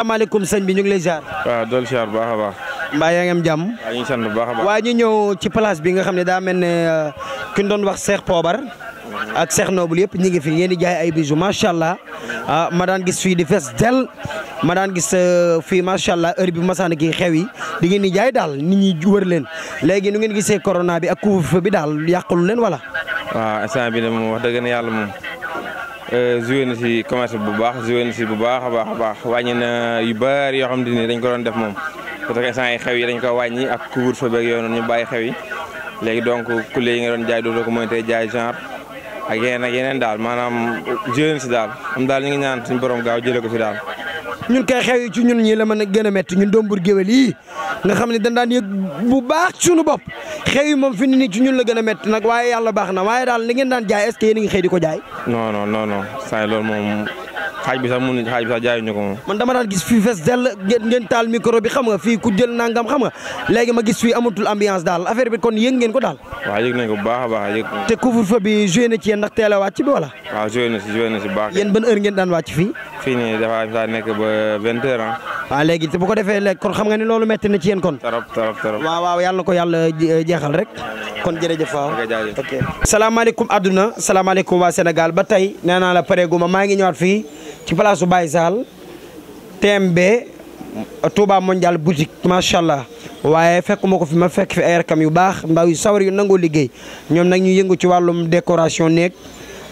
salaamaaleykum sëñ bi ñu ngi lay ziar. waaw dool ziar waa baax a baax. jàmm. waaw ñu ngi sant a ñu ñëw ci place bi nga xam ne daa mel ne euh, ki ñu doon wax Cheikh Poobar ak Cheikh Noble yëpp ñu ngi fi ngeen di jaay ay biisu macha allah ah, ma daan gis fii di fees del ma daan gis euh, fii macha allah heure bi masaan kii xew yi di ngeen di jaay daal nit ñi wër leen léegi nu ngeen gisee corona bi ak couvre-feu bi daal yàqalu leen wala. waaw instant bi de moom wax dëgg ne yàlla moom. Euh, joué na si commerce bu baax joué na si bu baax a baax a baax yu bari yoo xam ne ko doon def moom parce que yi xew yi dañ ko wàññi ak couvre-feu beeg yooyu noonu ñu bàyyi xew yi léegi donc kule yi nga doon jaay dootoo ko mënatee jaay genre ak yeneen ak yeneen daal maanaam joué na si daal am daal ñu ngi ñaan suñu borom gaaw jëlee ko fi daal. ñun kay xew yi ci yi nga xam ne dañ daan yëg bu baax suñu bopp xew moom fi ni nii ci ñun la gën a métti nag waaye yàlla baax na waaye daal li ngeen daan jaay est-ce que yéen a ko jaay. non non non non saa loolu moom xaaj bi sax mënuñ xaaj bi sax jaayuñu ko moom. man dama daan gis fii fees dell ngeen taal micro bi xam nga fii ku jël nangam xam nga léegi ma gis fii amatul ambiance daal affaire bi kon yëg ngeen ko daal. waa yëg nañ ko bu baax a baax yëg. a wàcc bi wala. waaw joué na si joué na si baax. ngeen daan wàcc fii. fii nii dafa waaw léegi bu ko defee léegi kon xam nga ni loolu metti na ci yéen kon. trop trop trop waaw waaw na ko yàlla euh, jeexal rek. kon jërëjëf waaw ok. salaamaaleykum adduna salaamaaleykum waa Sénégal ba tey nee naa la pare guma maa ngi ñëwaat fii ci place Baye Sall TMB Touba Mondial boutique macha allah waaye fekk fekkuma ko fi ma fekk fi ay rakam yu baax mbaa yu sawar yu nangoo liggéey ñoom nag ñu yëngu ci wàllum décoration néeg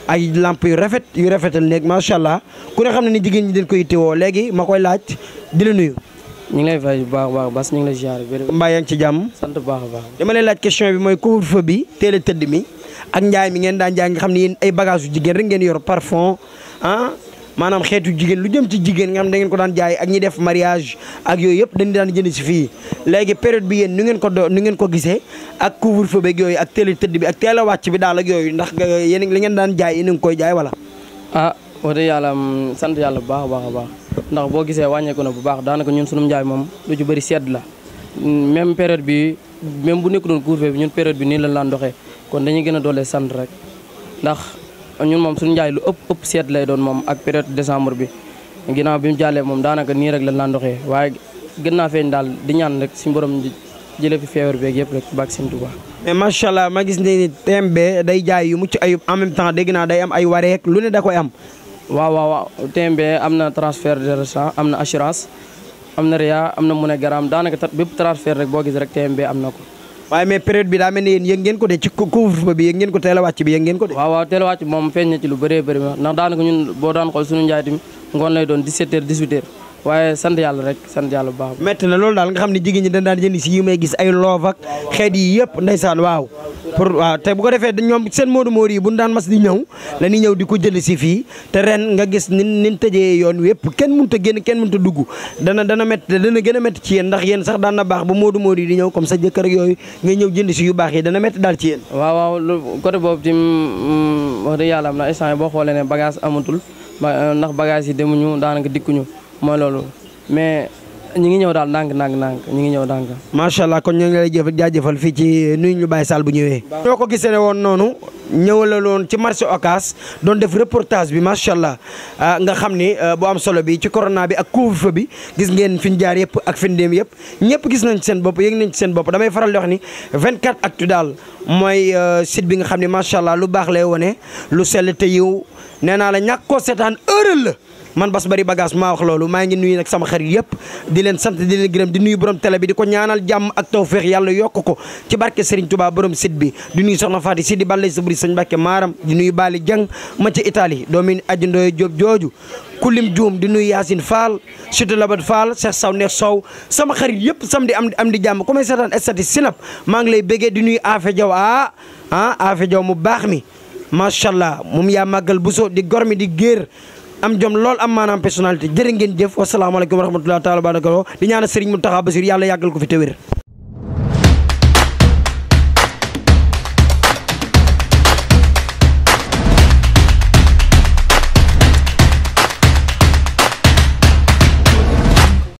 ay lamp yu rafet yu rafetal néeg macha allah ku ne xam ne ni jigéen ñi dañ koy teewoo léegi ma koy laaj di la nuyu. ñu ngi lay fay bu baax a baax Bas ñu ngi lay ziar bi. mbaa yaa ngi ci jàmm. sant bu baax a baax. dama lay laaj question bi mooy couvre-feu bi tëdd mi ak njaay mi ngeen daan jaay nga xam ne yéen ay bagages jigéen rek ngeen yor parfum ah maanaam xeetu jigéen lu jëm ci jigéen nga xam da ngeen ko daan jaay ak ñi def mariage ak yooyu yëpp dañu daan jënd si fii léegi période bi yéen nu ngeen ko do nu ngeen ko gisee ak couvre-feu beeg yooyu ak teel a tëdd bi ak teel a wàcc bi daal ak yooyu ndax li ngeen daan jaay yéen a koy jaay wala ah wax dëgg yàlla mm, sant yàlla bu baax a a baax ndax boo gisee wàññeeku na bu baax daanaka ñun sunum njaay moom lu ci bëri sedd la mm, même période bi même bu nekk doon couvre-feu ñun période bi nii lañ laan doxee kon dañuy gën a doole sant rek ñun moom suñ njaay lu ëpp ëpp seet doon moom ak période décembre bi ginnaaw bi mu jàllee moom daanaka nii rek lañ laan doxee waaye gën naa feeñ daal di ñaan rek si borom jëlee fi feebar beeg yëpp rek ak seen Tuubaa mais macha allah ma gis ne ni TMB day jaay yu mucc ayub en même temps dégg naa day am ay wareek lu ne da koy am. waaw waaw waaw TMB am na transfer de sang am na assurance am na RIA am na MoneyGram daanaka bépp transfert rek boo gis rek TMB am na ko. waaye mais période bi daa mel ni yéen yëg ngeen ko de ci couvre-feu bi yëg ko teel a wàcc bi yëg ngeen ko de waaw waaw teel a wàcc moom feeñ na ci lu bëree bëri ndax daanaka ñun boo daan xool suñu njaay tamit ngoon lay doon 17 heures 18 heures waaye sant yàlla rek sant yàlla baax métti na loolu daal nga xam ne jigéen ñi dañ daan jënd si yu may gis ay loof ak xeet yi yëpp ndeysaan waaw pour waaw te bu ko defee ñoom seen moodu moodu yi bu ñu daan mas di ñëw la ñuy ñëw di ko si fii te ren nga gis ni nin tëjee yoon wépp kenn mënut a génn kenn mënut a dugg dana dana métti dana gën a métti ci yéen ndax yéen sax daan na baax ba moodu moodu yi di ñëw comme sa jëkkër ak yooyu ngay ñëw jënd si yu baax yi dana métti daal ci yéen waaw waaw côté boobu tim mm, wax dëgg yàlla am na instant boo xoolee ne bagage amatul euh, ndax bagage yi dem demuñu daanaka dikkuñu mooy loolu mais ñu ngi ñëw daal ndànk ndànk ndànk ñu ngi ñëw ndànk. macha allah kon ñu ngi lay jëf jaajëfal fii ci nuyu ñu Baye saal bu ñëwee. ñoo ko gisee ne woon noonu ñëwaloon ci marché Ocass doon def reportage bi macha allah ah, nga xam ni ah, bu am solo bi ci corona bi ak couvre bi gis ngeen fi ñu jaar yëpp ak fi ñu dem yëpp ñëpp gis nañ ci seen bopp yëg nañ ci seen bopp damay faral di wax ni 24 actu daal mooy ah, site bi nga xam ne macha allah lu baax lay wone lu sell te yiw nee naa la ñàkk koo seetaan heure la. man bas bari bagage maa wax loolu maa ngi nuyu nag sama xarit yëpp di leen sant di leen gërëm di nuyu borom télé bi di ko ñaanal jàmm ak tawféex yàlla yokk ko ci barke Serigne Touba borom site bi di nuy soxna Faati si di ballay sa buri sëñ Mbàkke maaram di nuyu Bali Jang ma ci Italie doomi ajindooy Jóob jooju kulim Dioum di nuyu Yacine Fall Chute Labat Fall Cheikh Saw Neex Sow sama xarit yëpp samedi am am di jàmm ku may seetaan estati sinap maa ngi lay béggee di nuyu Afe Jaw ah ah mu baax mi macha allah moom yaa màggal buso di gor mi di géer am jom lool am maanaam personnalité jërë ngeen jëf wasalaamaaleykum wa rahmatulah taala baraka di ñaanal Serigne Mountakha Bassirou yàlla yàggal ko fi te wér